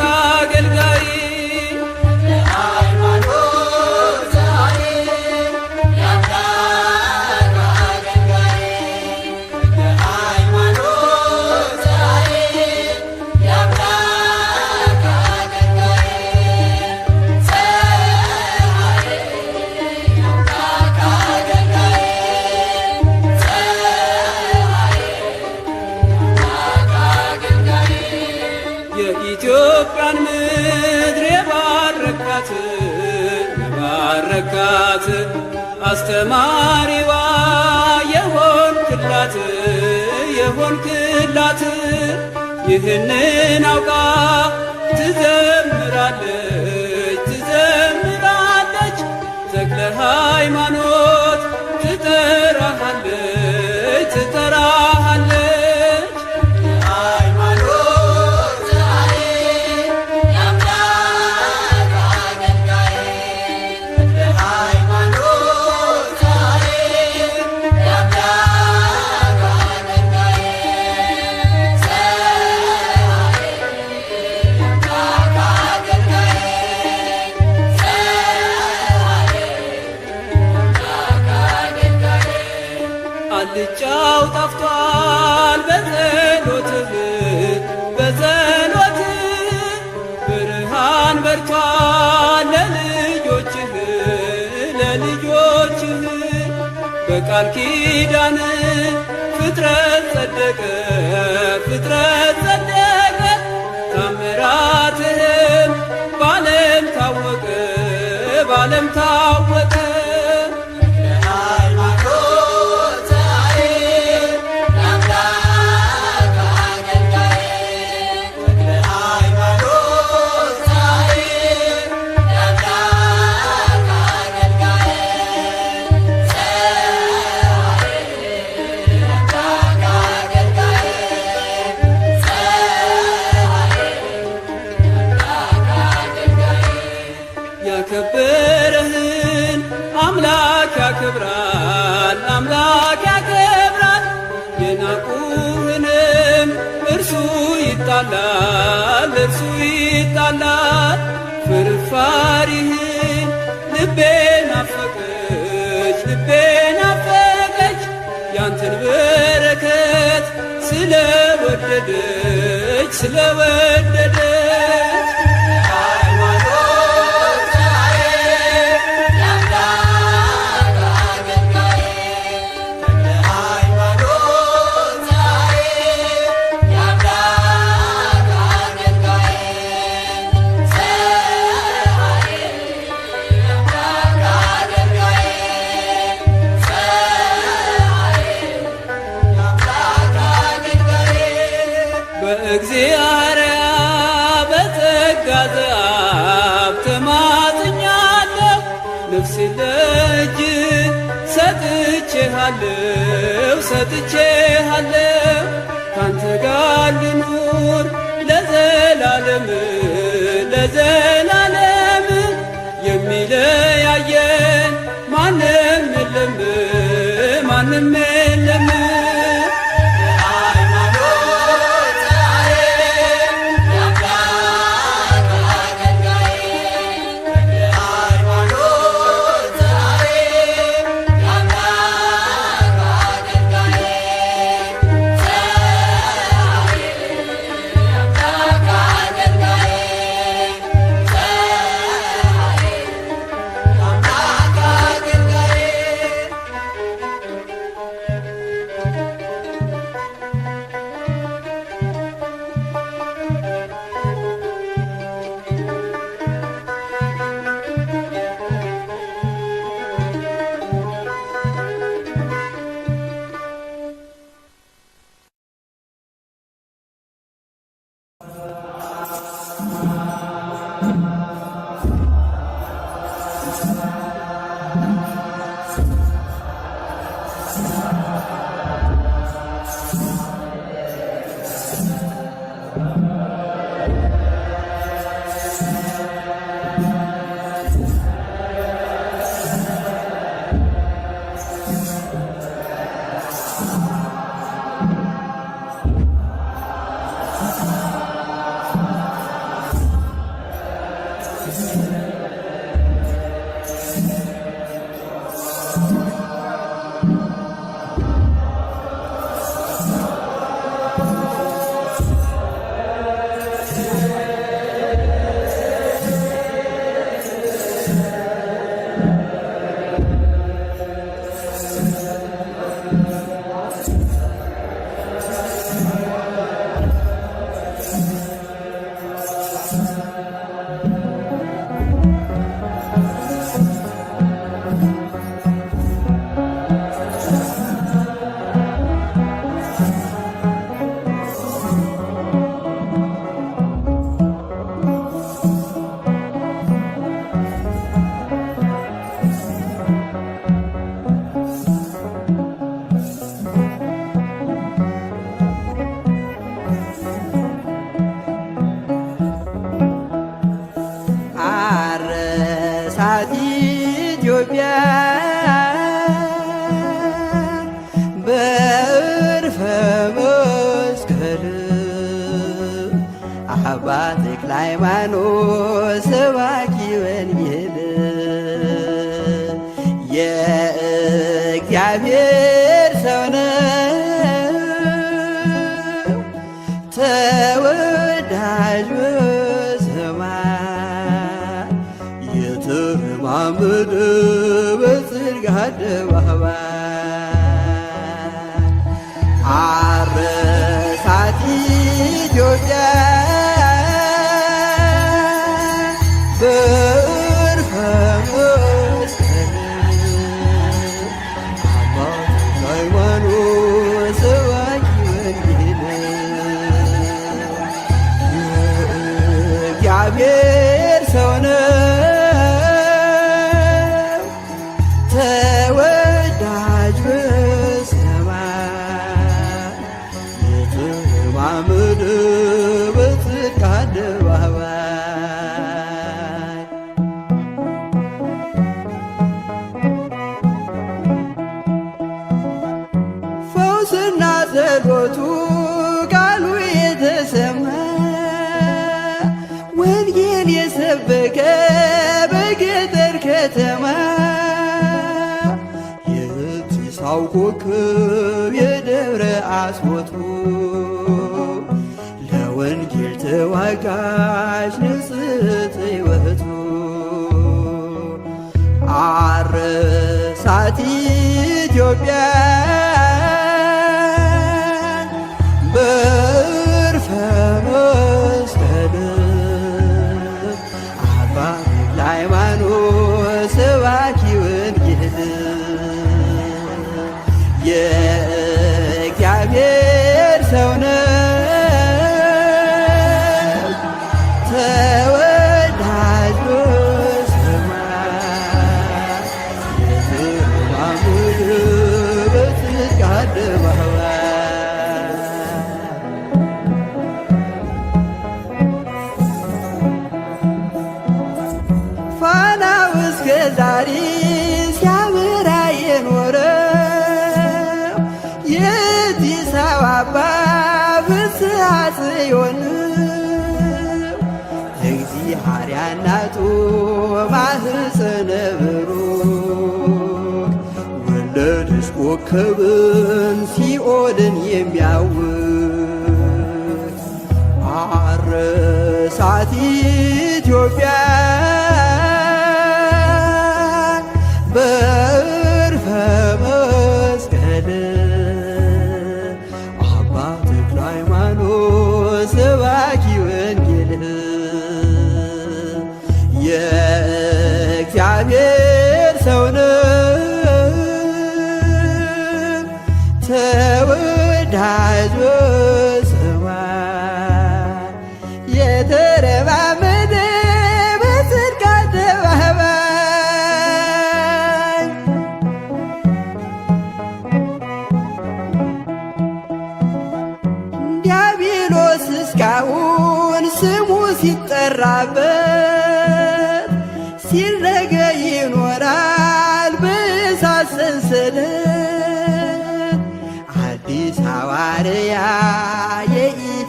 عقاق القايم ይህንን አውቃ ትዘምራለች ትዘምራለች ተክለ ሃይማኖት ትጠራሃለች ፍጥረት ጸደቀ ፍጥረት ጸደቀ ታምራትህም ባለም ታወቀ ባለም ታወቀ ከነፍሱ ይጣላል ፍርፋሪህን ልቤን አፈቀች ልቤን አፈቀች ያንተን በረከት ስለወደደች ስለወደደች ልብስ ለእጅ ሰጥቼሃለው ሰጥቼሃለው ካንተ ጋር ልኑር ለዘላለም ለዘላለም የሚለያየን ማንም የለም ማንም I በገጠር ከተማ የፍሳው ኮከብ የደብረ አስቆቱ ለወንጌል ተዋጋች ንጽሕት ሕይወቱ አረሳት ኢትዮጵያ ክብን ሲኦልን የሚያውቅ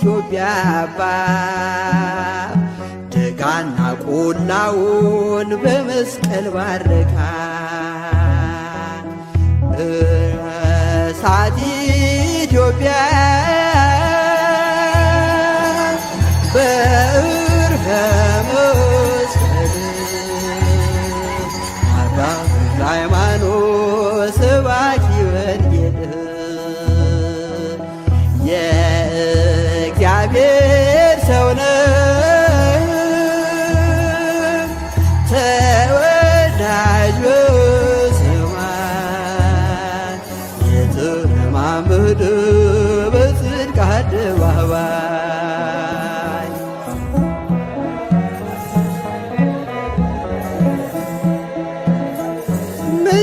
ኢትዮጵያ አባት ደጋና ቆላውን በመስቀል ባረካ እሳት ኢትዮጵያ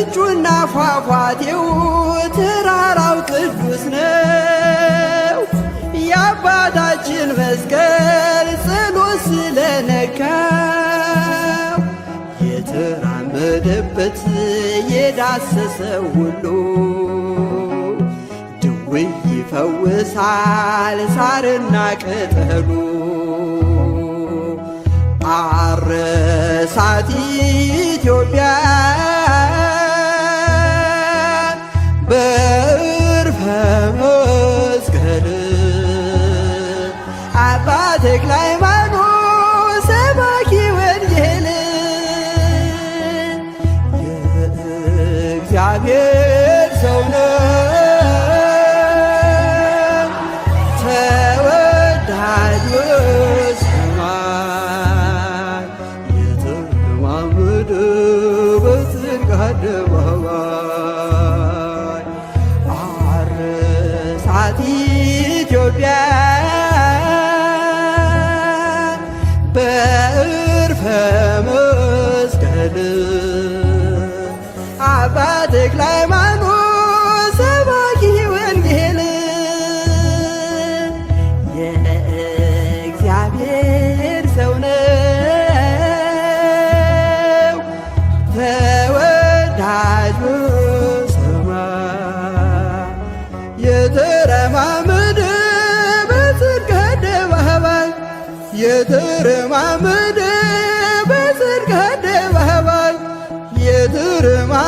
ምንጩና ፏፏቴው ተራራው ቅዱስ ነው። የአባታችን መስቀል ጸሎት ስለነካው የተራመደበት የዳሰሰ ሁሉ ድውይ ይፈውሳል ሳርና ቅጠሉ አረሳት ኢትዮጵያ በዕርፈ መስቀል አባ ተክለ ሃይማኖት ሰባኪ ወንጌል የእግዚአብሔር ሰው ነው። ተመስገን አባ ተክለ ሃይማኖት ሰባኪ ወንጌል የእግዚአብሔር ሰው ነው ተወዳጁ የተረማመደ በጽድቅ አደባባይ የተረማመደ ግርማ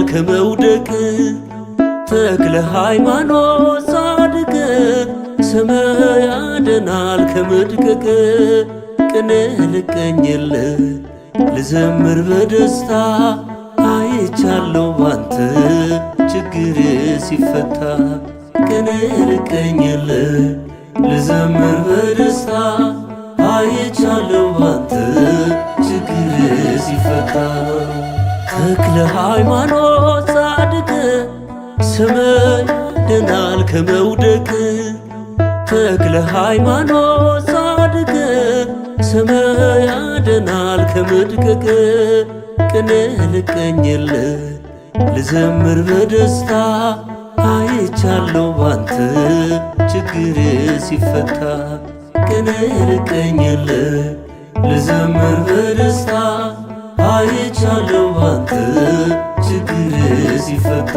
ሆኖኛል ከመውደቅ ተክለ ሃይማኖት ጻድቅ ስመ ያድናል ከመድቀቅ ቅን ልቀኝል ልዘምር በደስታ አይቻለው ባንተ ችግር ሲፈታ ቅን ልቀኝል ልዘምር በደስታ አይቻለው ባንተ ችግር ሲፈታ ተክለ ሃይማኖት ጻድቅ ስምን ድናል ከመውደቅ ተክለ ሃይማኖት ጻድቅ ስመ ያድናል ከመድቀቅ ቅኔ ልቀኝል ልዘምር በደስታ አይቻለው ባንተ ችግር ሲፈታ ቅኔ ልቀኝል ልዘምር በደስታ አይቻለው ባንተ ችግር ሲፈታ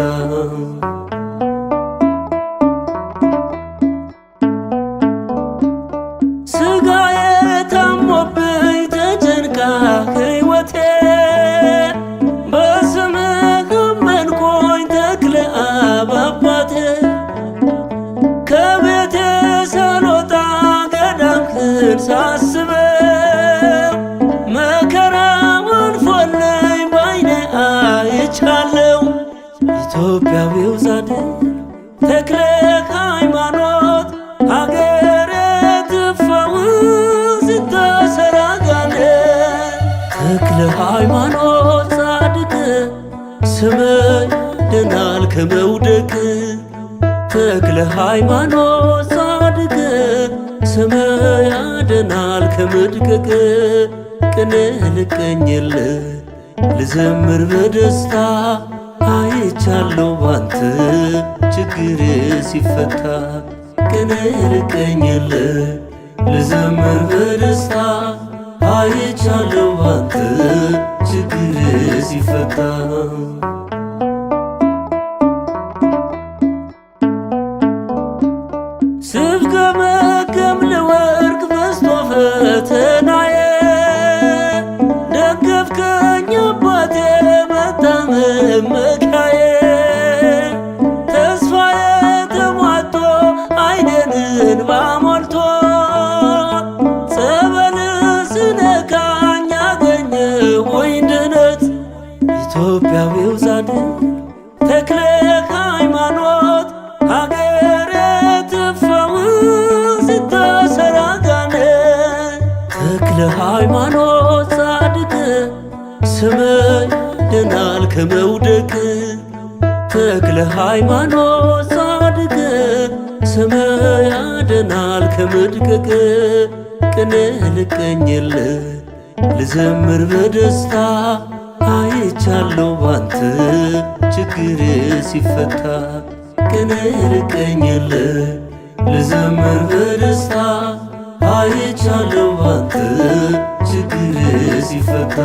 ኢትዮጵያዊው ጻድቅ ተክለ ሃይማኖት አገር ትፈውስ ተሰራጋለ ተክለ ሃይማኖት ጻድቅ ስመ ድናል ከመውደቅ ተክለ ሃይማኖት ጻድቅ ስመ ያድናል ከመድቀቅ ቅን ልቀኝል ልዘምር በደስታ ሰምቻለሁ ባንተ ችግር ሲፈታ ቀን ርቀኝል ልዘምር በደስታ አይቻለሁ ባንተ ችግር ሲፈታ ስብገመገም ለወርቅ በዝቶ ፈተና ለሃይማኖት ጻድቅ ስም ያድናል ከምድቅቅ ቅን ልቀኝል ልዘምር በደስታ አይቻለው ባንተ ችግር ሲፈታ ቅን ልቀኝል ልዘምር በደስታ አይቻለው ባንተ ችግር ሲፈታ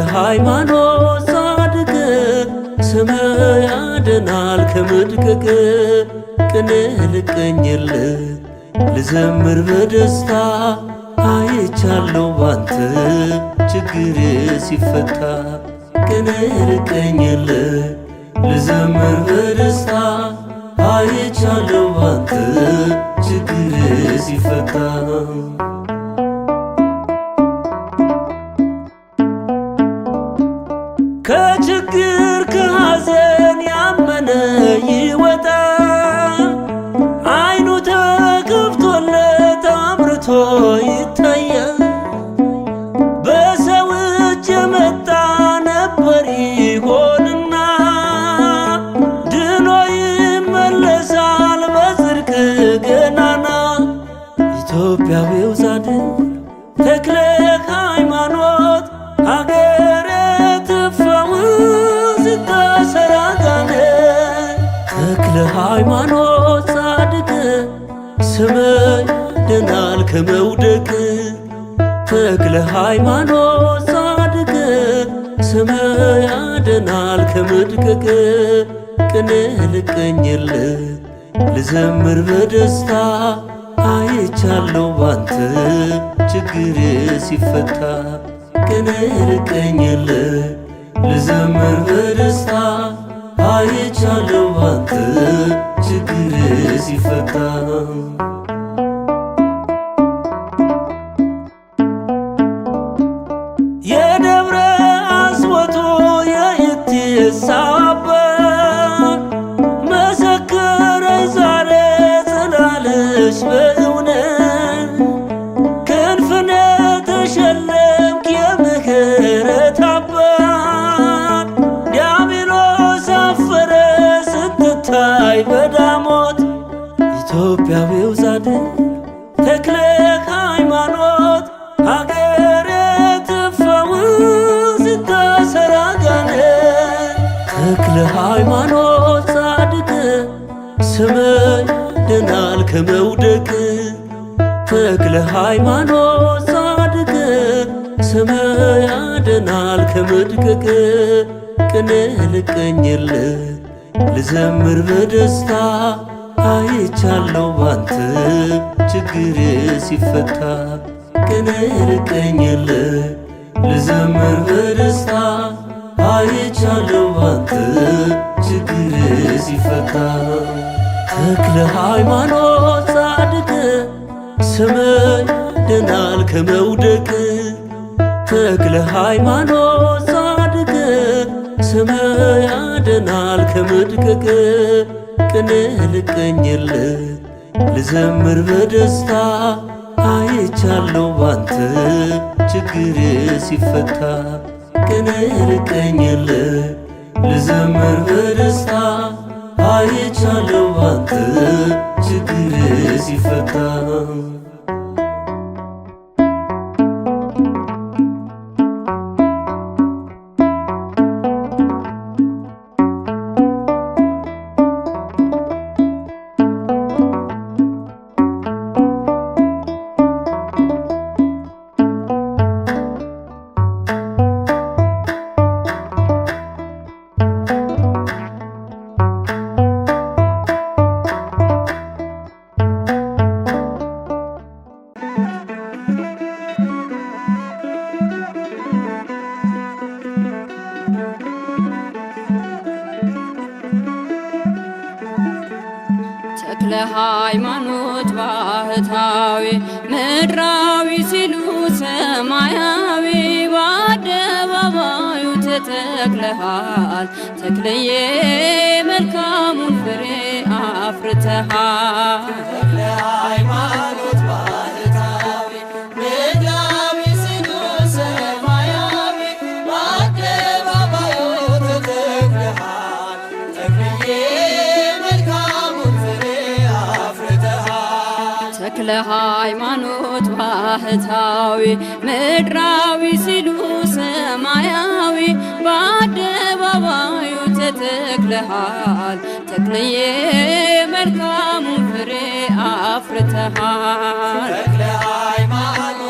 የሃይማኖት ጻድቅ ስም ያድናል ከምድቅቅ ቅኔ ልቀኝል ልዘምር በደስታ አይቻለው ባንተ ችግር ሲፈታ ቅኔ ልቀኝል ልዘምር በደስታ አይቻለው ባንተ ችግር ሲፈታ ከችግር ከሐዘን ያመነ ይወጣ አይኑ ተከፍቶለት አምርቶ ይታ ከመውደቅ ተክለ ሃይማኖት ጻድቅ ስመ ያድናል ከመድቀቅ ቅን ልቀኝል ልዘምር በደስታ አይቻለው ባንተ ችግር ሲፈታ ቅን ልቀኝል ልዘምር በደስታ አይቻለው ባንተ ችግር ሲፈታ ሃይማኖት ጻድቅ ስምህ ያድናል ከመውደቅ ተክለ ሃይማኖት ጻድቅ ስምህ ያድናል ከመድቀቅ ቅኔ ልቀኝልህ ልዘምር በደስታ አይቻለው ባንተ ችግር ሲፈታ ቅኔ ልቀኝልህ ልዘምር በደስታ አይቻለው ባንተ ችግር ሲፈታ ተክለ ሃይማኖት ጻድቅ ስምን ድናል ከመውደቅ ተክለ ሃይማኖት ጻድቅ ስም ያድናል ከመድቀቅ ቅን ልቀኝል ልዘምር በደስታ አይቻለው ባንተ ችግር ሲፈታ ርቀኝ የለ ልዘምር በደስታ አይቻለው አንተ ችግር ሲፈታ ተክለ ሃይማኖት ባህታዊ ምድራዊ ሲሉ ሰማያዊ በአደባባዩ ተተክለሃል ተክልዬ መልካሙ ፍሬ አፍርተሃል ተክለ ሃይማኖት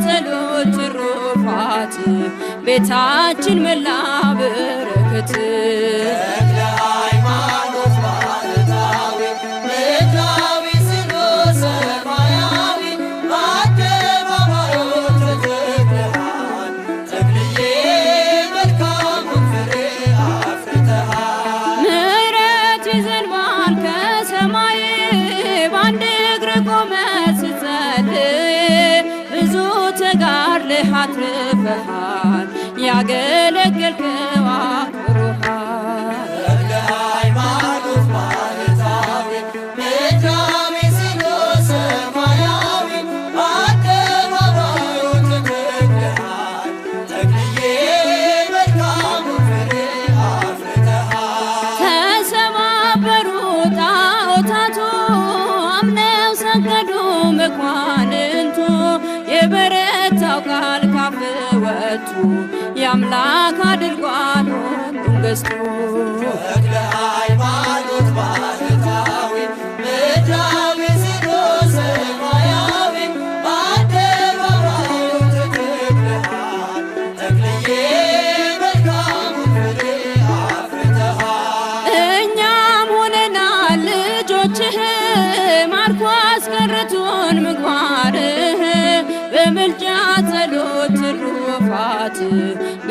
ቤታችን መላ በረከት ተጋድለህ አትርፈሃል ያገለገልከው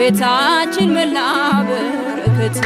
ቤታችን መላ በረከት